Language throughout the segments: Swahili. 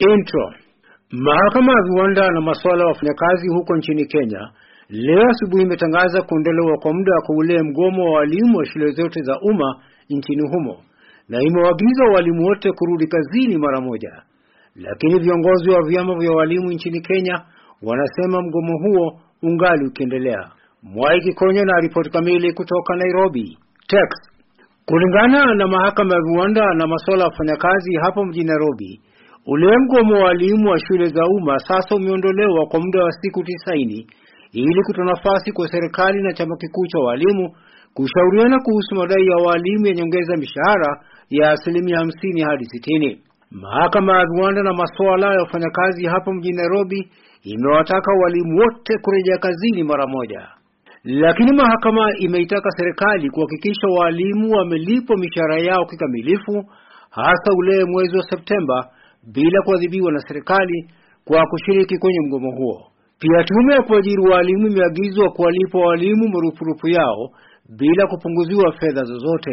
Intro. Mahakama ya viwanda na masuala ya wafanyakazi huko nchini Kenya leo asubuhi imetangaza kuondolewa kwa muda wa ule mgomo wa walimu wa shule zote za umma nchini humo na imewaagiza walimu wote kurudi kazini mara moja. Lakini viongozi wa vyama vya walimu nchini Kenya wanasema mgomo huo ungali ukiendelea. Mwai Kikonyo na ripoti kamili kutoka Nairobi. Text. Kulingana na mahakama ya viwanda na masuala ya wafanyakazi hapo mjini Nairobi Ule mgomo wa walimu wa shule za umma sasa umeondolewa kwa muda wa siku tisaini ili kutoa nafasi kwa serikali na chama kikuu cha walimu kushauriana kuhusu madai ya walimu ya nyongeza mishahara ya asilimia hamsini hadi sitini. Mahakama ya viwanda na masuala ya wafanyakazi hapo mjini Nairobi imewataka walimu wote kurejea kazini mara moja, lakini mahakama imeitaka serikali kuhakikisha walimu wamelipwa mishahara yao kikamilifu, hasa ule mwezi wa Septemba bila kuadhibiwa na serikali kwa kushiriki kwenye mgomo huo. Pia tume ya kuajiri walimu imeagizwa kuwalipa walimu marupurupu yao bila kupunguziwa fedha zozote.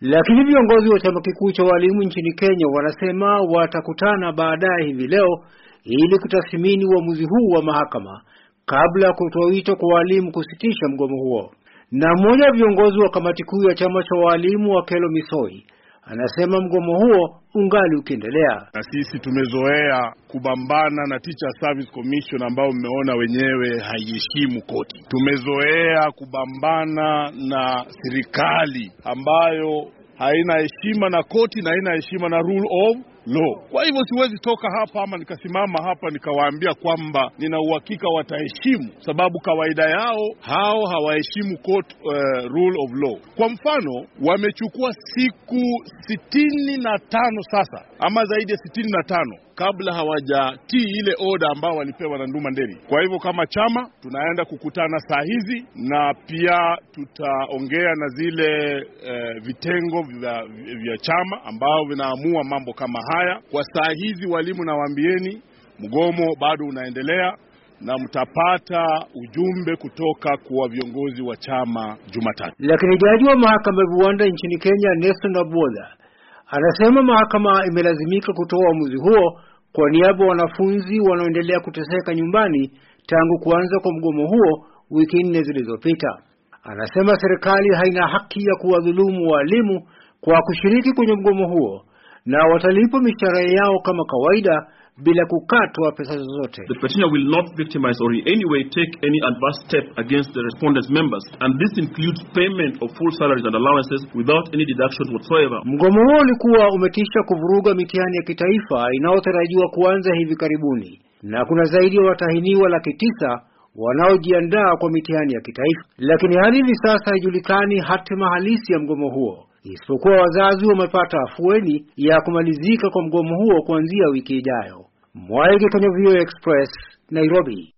Lakini viongozi wa chama kikuu cha walimu nchini Kenya wanasema watakutana baadaye hivi leo ili kutathmini uamuzi huu wa mahakama kabla ya kutoa wito kwa walimu kusitisha mgomo huo. Na mmoja wa viongozi wa kamati kuu ya chama cha walimu Wakelo Misoi Anasema mgomo huo ungali ukiendelea. Na sisi tumezoea kubambana na Teacher Service Commission ambao mmeona wenyewe haiheshimu koti. Tumezoea kubambana na serikali ambayo haina heshima na koti na haina heshima na rule of law. Kwa hivyo siwezi toka hapa ama nikasimama hapa nikawaambia kwamba nina uhakika wataheshimu, sababu kawaida yao hao hawaheshimu court uh, rule of law. Kwa mfano, wamechukua siku sitini na tano sasa ama zaidi ya sitini na tano kabla hawajatii ile oda ambao walipewa na Nduma Nderi. Kwa hivyo kama chama tunaenda kukutana saa hizi, na pia tutaongea na zile e, vitengo vya, vya chama ambao vinaamua mambo kama haya. Kwa saa hizi, walimu, nawaambieni mgomo bado unaendelea na mtapata ujumbe kutoka kwa viongozi wa chama Jumatatu. Lakini jaji wa mahakama ya viwanda nchini Kenya Nelson Abodha anasema mahakama imelazimika kutoa uamuzi huo kwa niaba wanafunzi wanaoendelea kuteseka nyumbani tangu kuanza kwa mgomo huo wiki nne zilizopita, anasema serikali haina haki ya kuwadhulumu walimu kwa kushiriki kwenye mgomo huo na watalipwa mishahara yao kama kawaida bila kukatwa pesa zozote. The petitioner will not victimize or in any way take any adverse step against the respondents members and this includes payment of full salaries and allowances without any deduction whatsoever. Mgomo huo ulikuwa umetisha kuvuruga mitihani ya kitaifa inayotarajiwa kuanza hivi karibuni na kuna zaidi ya watahiniwa laki tisa wanaojiandaa kwa mitihani ya kitaifa, lakini hadi hivi sasa haijulikani hatima halisi ya mgomo huo isipokuwa wazazi wamepata afueni ya kumalizika kwa mgomo huo kuanzia wiki ijayo. Mwaige kwenye VOA Express, Nairobi.